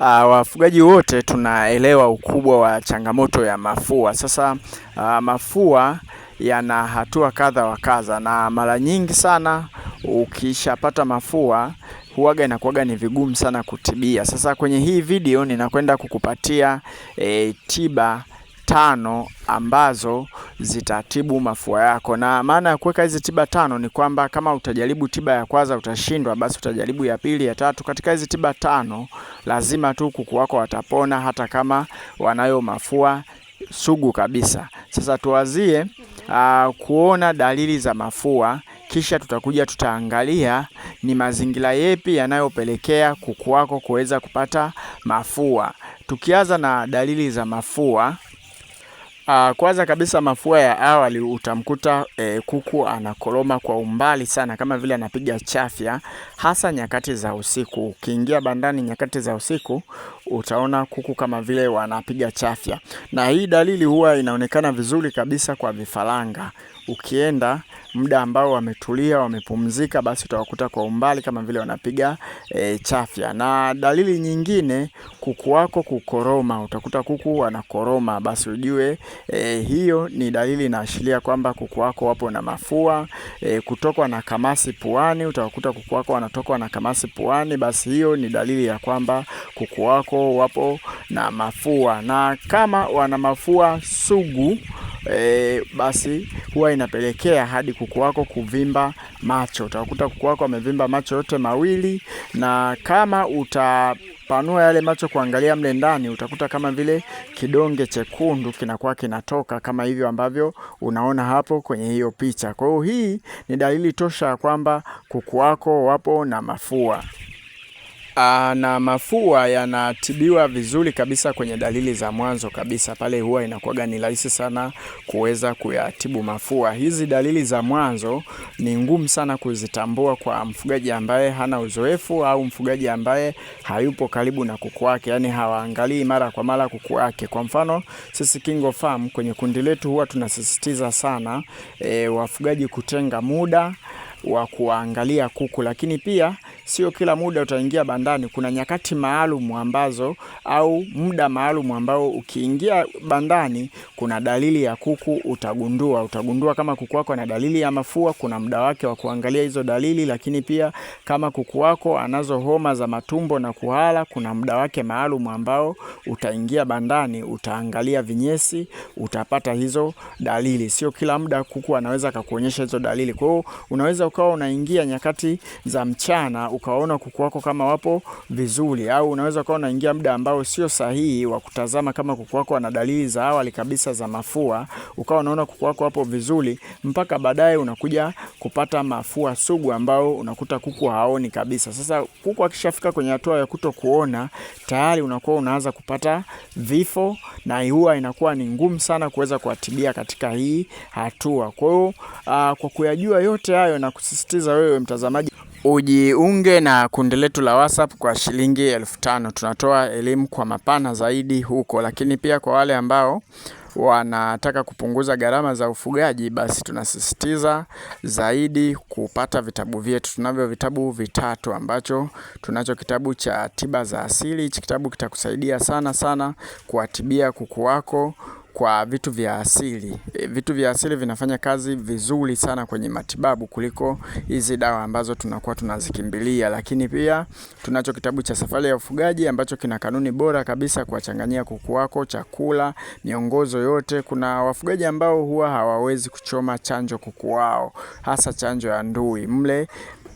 Uh, wafugaji wote tunaelewa ukubwa wa changamoto ya mafua. Sasa uh, mafua yana hatua kadha wa kadha, na mara nyingi sana ukishapata mafua huaga inakuwaga ni vigumu sana kutibia. Sasa kwenye hii video ninakwenda kukupatia e, tiba tano ambazo zitatibu mafua yako, na maana ya kuweka hizi tiba tano ni kwamba kama utajaribu tiba ya kwanza utashindwa, basi utajaribu ya pili, ya tatu. Katika hizi tiba tano, lazima tu kuku wako watapona, hata kama wanayo mafua sugu kabisa. Sasa tuwazie uh, kuona dalili za mafua kisha tutakuja tutaangalia ni mazingira yepi yanayopelekea kuku wako kuweza kupata mafua. Tukianza na dalili za mafua, Ah, kwanza kabisa mafua ya awali utamkuta eh, kuku anakoroma kwa umbali sana, kama vile anapiga chafya, hasa nyakati za usiku. Ukiingia bandani nyakati za usiku utaona kuku kama vile wanapiga chafya, na hii dalili huwa inaonekana vizuri kabisa kwa vifaranga. Ukienda muda ambao wametulia wamepumzika, basi utawakuta kwa umbali kama vile wanapiga e, chafya. Na dalili nyingine, kuku wako kukoroma, utakuta kuku wanakoroma, basi ujue e, hiyo ni dalili inaashiria kwamba kuku wako wapo na mafua. E, kutokwa na kamasi puani, utawakuta kuku wako wanatokwa na kamasi puani, basi hiyo ni dalili ya kwamba kuku wako wako wapo na mafua, na kama wana mafua sugu E, basi huwa inapelekea hadi kuku wako kuvimba macho. Utakuta kuku wako amevimba macho yote mawili, na kama utapanua yale macho kuangalia mle ndani, utakuta kama vile kidonge chekundu kinakuwa kinatoka kama hivyo ambavyo unaona hapo kwenye hiyo picha. Kwa hiyo hii ni dalili tosha ya kwamba kuku wako wapo na mafua. Aa, ah, na mafua yanatibiwa vizuri kabisa kwenye dalili za mwanzo kabisa, pale huwa inakuwa ni rahisi sana kuweza kuyatibu mafua. Hizi dalili za mwanzo ni ngumu sana kuzitambua kwa mfugaji ambaye hana uzoefu au mfugaji ambaye hayupo karibu na kuku wake, yani hawaangalii mara kwa mara kuku wake. Kwa mfano sisi Kingo Farm kwenye kundi letu huwa tunasisitiza sana e, wafugaji kutenga muda wa kuangalia kuku, lakini pia sio kila muda utaingia bandani. Kuna nyakati maalum ambazo au muda maalum ambao ukiingia bandani kuna dalili ya kuku utagundua. Utagundua kama kuku wako ana dalili ya mafua, kuna muda wake wa kuangalia hizo dalili, lakini pia kama kuku wako anazo homa za matumbo na kuhala, kuna muda wake maalum ambao utaingia bandani, utaangalia vinyesi, utapata hizo dalili. Sio kila muda kuku anaweza kakuonyesha hizo dalili, kwa hiyo unaweza ukawa unaingia nyakati za mchana ukaona kuku wako kama wapo vizuri, au unaweza ukawa unaingia muda ambao sio sahihi wa kutazama kama kuku wako ana dalili za awali kabisa za mafua, ukawa unaona kuku wako wapo vizuri, mpaka baadaye unakuja kupata mafua sugu ambao unakuta kuku haoni kabisa. Sasa kuku akishafika kwenye hatua ya kuto kuona, tayari unakuwa unaanza kupata vifo na huwa inakuwa ni ngumu sana kuweza kuatibia katika hii hatua. Kwa hiyo uh, kwa kuyajua yote hayo na kusisitiza wewe mtazamaji ujiunge na kundi letu la WhatsApp kwa shilingi elfu tano. Tunatoa elimu kwa mapana zaidi huko, lakini pia kwa wale ambao wanataka kupunguza gharama za ufugaji, basi tunasisitiza zaidi kupata vitabu vyetu. Tunavyo vitabu vitatu, ambacho tunacho kitabu cha tiba za asili. Hichi kitabu kitakusaidia sana sana kuwatibia kuku wako kwa vitu vya asili. E, vitu vya asili vinafanya kazi vizuri sana kwenye matibabu kuliko hizi dawa ambazo tunakuwa tunazikimbilia, lakini pia tunacho kitabu cha Safari ya Ufugaji ambacho kina kanuni bora kabisa kuwachanganyia kuku wako chakula, miongozo yote. Kuna wafugaji ambao huwa hawawezi kuchoma chanjo kuku wao, hasa chanjo ya ndui. Mle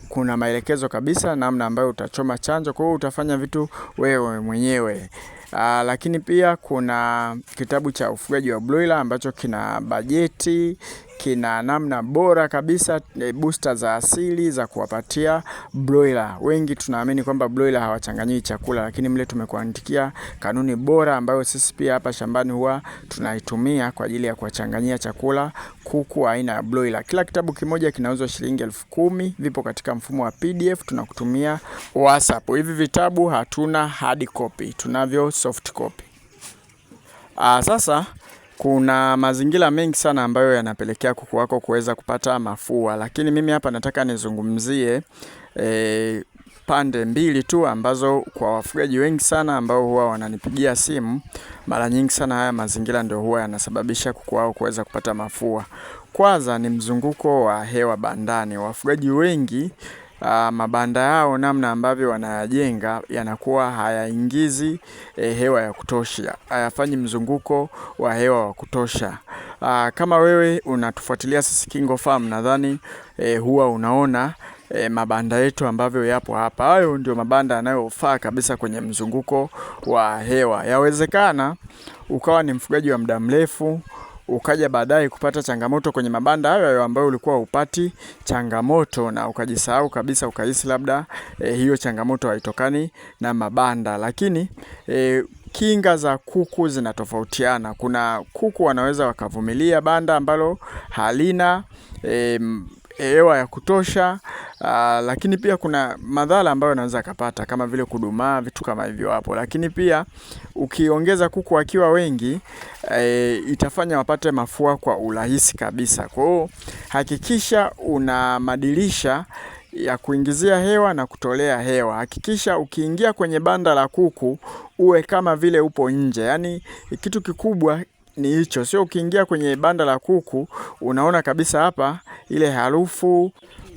kuna maelekezo kabisa namna ambayo utachoma chanjo, kwa hiyo utafanya vitu wewe mwenyewe. Aa, ah, lakini pia kuna kitabu cha ufugaji wa broiler ambacho kina bajeti kina namna bora kabisa e, booster za asili za kuwapatia broiler. Wengi tunaamini kwamba broiler hawachanganyii chakula, lakini mle tumekuandikia kanuni bora ambayo sisi pia hapa shambani huwa tunaitumia kwa ajili ya kuwachanganyia chakula kuku aina ya broiler. Kila kitabu kimoja kinauzwa shilingi elfu kumi. Vipo katika mfumo wa PDF, tunakutumia WhatsApp. Hivi vitabu hatuna hard copy, tunavyo soft copy. Aa, ah, sasa kuna mazingira mengi sana ambayo yanapelekea kuku wako kuweza kupata mafua, lakini mimi hapa nataka nizungumzie e, pande mbili tu ambazo kwa wafugaji wengi sana ambao huwa wananipigia simu mara nyingi sana, haya mazingira ndio huwa yanasababisha kuku wao kuweza kupata mafua. Kwanza ni mzunguko wa hewa bandani. Wafugaji wengi uh, mabanda yao namna ambavyo wanayajenga yanakuwa hayaingizi e, hewa ya kutosha, hayafanyi mzunguko wa hewa wa kutosha. Uh, kama wewe unatufuatilia sisi Kingo Farm, nadhani e, huwa unaona E, mabanda yetu ambavyo yapo hapa, hayo ndio mabanda yanayofaa kabisa kwenye mzunguko wa hewa. Yawezekana ukawa ni mfugaji wa muda mrefu ukaja baadaye kupata changamoto kwenye mabanda hayo hayo ambayo ulikuwa upati changamoto na ukajisahau kabisa, ukahisi labda e, hiyo changamoto haitokani na mabanda. Lakini e, kinga za kuku zinatofautiana. Kuna kuku wanaweza wakavumilia banda ambalo halina e, Eh, hewa ya kutosha uh, lakini pia kuna madhara ambayo anaweza akapata kama vile kudumaa, vitu kama hivyo hapo. Lakini pia ukiongeza kuku wakiwa wengi e, itafanya wapate mafua kwa urahisi kabisa. Kwa hiyo hakikisha una madirisha ya kuingizia hewa na kutolea hewa. Hakikisha ukiingia kwenye banda la kuku uwe kama vile upo nje, yaani kitu kikubwa ni hicho, sio ukiingia kwenye banda la kuku unaona kabisa hapa ile harufu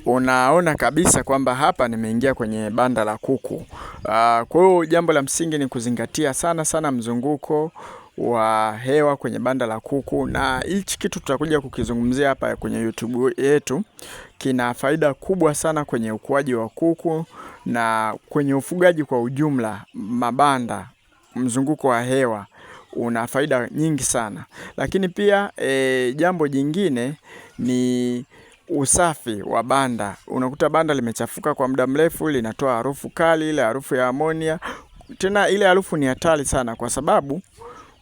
unaona kabisa kwamba hapa nimeingia kwenye banda la kuku. Ah, kwa hiyo jambo la msingi ni kuzingatia sana sana mzunguko wa hewa kwenye banda la kuku, na hichi kitu tutakuja kukizungumzia hapa kwenye YouTube yetu. Kina faida kubwa sana kwenye ukuaji wa kuku na kwenye ufugaji kwa ujumla, mabanda, mzunguko wa hewa una faida nyingi sana. Lakini pia e, jambo jingine ni usafi wa banda. Unakuta banda limechafuka kwa muda mrefu, linatoa harufu kali, ile harufu ya amonia. Tena ile harufu ni hatari sana, kwa sababu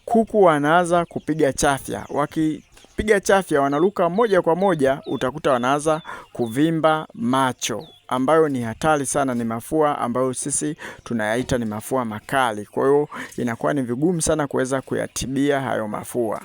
kuku wanaanza kupiga chafya. Wakipiga chafya, wanaruka moja kwa moja, utakuta wanaanza kuvimba macho ambayo ni hatari sana ni mafua ambayo sisi tunayaita ni mafua makali. Kwa hiyo inakuwa ni vigumu sana kuweza kuyatibia hayo mafua.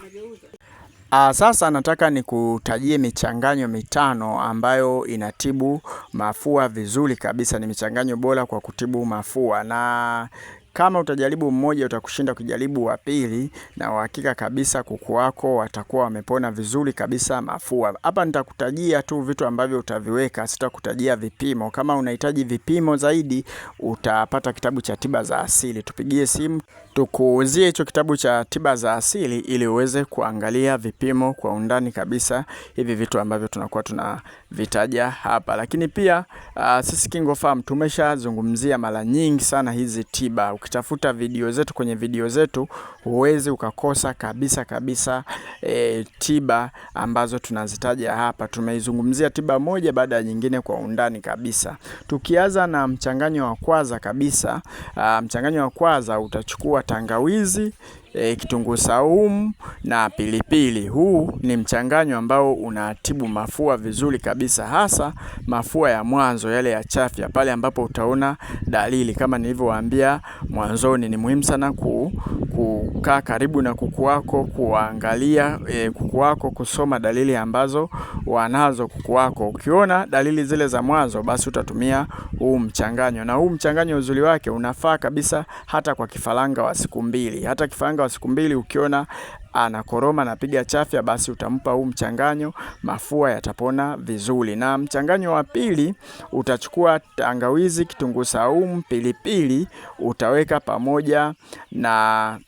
Aa, ah, sasa nataka nikutajie michanganyo mitano ambayo inatibu mafua vizuri kabisa. Ni michanganyo bora kwa kutibu mafua na kama utajaribu mmoja utakushinda kujaribu wa pili, na uhakika kabisa kuku wako watakuwa wamepona vizuri kabisa mafua. Hapa nitakutajia tu vitu ambavyo utaviweka, sitakutajia vipimo. Kama unahitaji vipimo zaidi, utapata kitabu cha tiba za asili, tupigie simu tukuuzie hicho kitabu cha tiba za asili ili uweze kuangalia vipimo kwa undani kabisa hivi vitu ambavyo tunakuwa tunavitaja hapa. Lakini pia uh, sisi KingoFarm tumeshazungumzia mara nyingi sana hizi tiba ukitafuta video zetu kwenye video zetu huwezi ukakosa kabisa kabisa e, tiba ambazo tunazitaja hapa. Tumeizungumzia tiba moja baada ya nyingine kwa undani kabisa, tukianza na mchanganyo wa kwanza kabisa. A, ah, mchanganyo wa kwanza utachukua tangawizi e, kitunguu saumu na pilipili. Huu ni mchanganyo ambao unatibu mafua vizuri kabisa, hasa mafua ya mwanzo yale ya chafya, pale ambapo utaona dalili kama nilivyowaambia mwanzoni. Ni muhimu sana ku, kukaa karibu na kuku wako, kuangalia e, kuku wako, kusoma dalili ambazo wanazo kuku wako. Ukiona dalili zile za mwanzo, basi utatumia huu mchanganyo, na huu mchanganyo uzuri wake unafaa kabisa hata kwa kifaranga wa siku mbili, hata kifaranga wa siku mbili ukiona anakoroma napiga chafya, basi utampa huu mchanganyo, mafua yatapona vizuri. Na mchanganyo wa pili utachukua tangawizi, kitunguu saumu, pilipili, utaweka pamoja na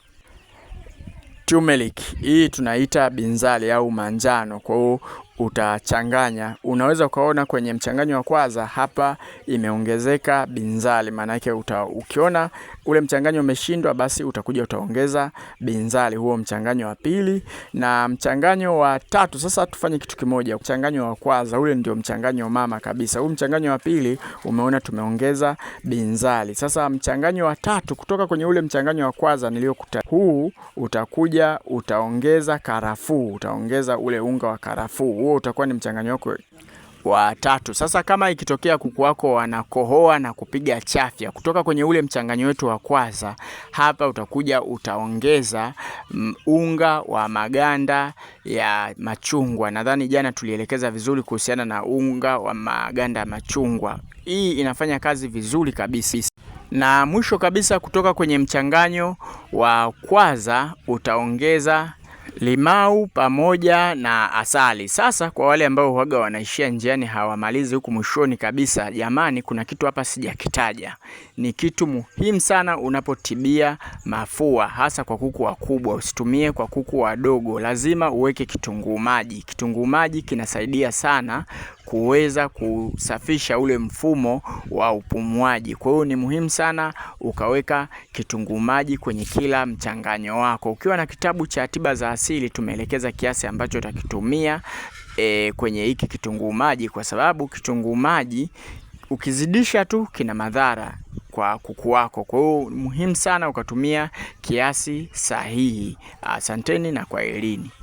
turmeric. Hii tunaita binzali au manjano. Kwa hiyo utachanganya, unaweza ukaona kwenye mchanganyo wa kwanza hapa imeongezeka binzali, yake ukiona ule mchanganyo umeshindwa, basi utakuja utaongeza binzali, huo mchanganyo wa pili na mchanganyo wa tatu. Sasa tufanye kitu kimoja. Mchanganyo wa kwanza ule ndio mchanganyo mama kabisa, huu mchanganyo wa pili umeona tumeongeza binzali. Sasa mchanganyo wa tatu kutoka kwenye ule mchanganyo wa kwanza niliokuta, huu utakuja utaongeza karafuu, utaongeza ule unga wa karafuu huo utakuwa ni mchanganyo wako wa tatu. Sasa kama ikitokea kuku wako wanakohoa na kupiga chafya kutoka kwenye ule mchanganyo wetu wa kwanza, hapa utakuja utaongeza mm, unga wa maganda ya machungwa. Nadhani jana tulielekeza vizuri kuhusiana na unga wa maganda ya machungwa. Hii inafanya kazi vizuri kabisa. Na mwisho kabisa, kutoka kwenye mchanganyo wa kwanza utaongeza limau pamoja na asali. Sasa kwa wale ambao huaga wanaishia njiani hawamalizi huku mwishoni kabisa, jamani, kuna kitu hapa sijakitaja, ni kitu muhimu sana unapotibia mafua, hasa kwa kuku wakubwa. Usitumie kwa kuku wadogo, lazima uweke kitunguu maji. Kitunguu maji kinasaidia sana kuweza kusafisha ule mfumo wa upumuaji. Kwa hiyo ni muhimu sana ukaweka kitunguu maji kwenye kila mchanganyo wako. Ukiwa na kitabu cha tiba za asili, tumeelekeza kiasi ambacho utakitumia e, kwenye hiki kitunguu maji, kwa sababu kitunguu maji ukizidisha tu kina madhara kwa kuku wako. Kwa hiyo muhimu sana ukatumia kiasi sahihi. Asanteni na kwaherini.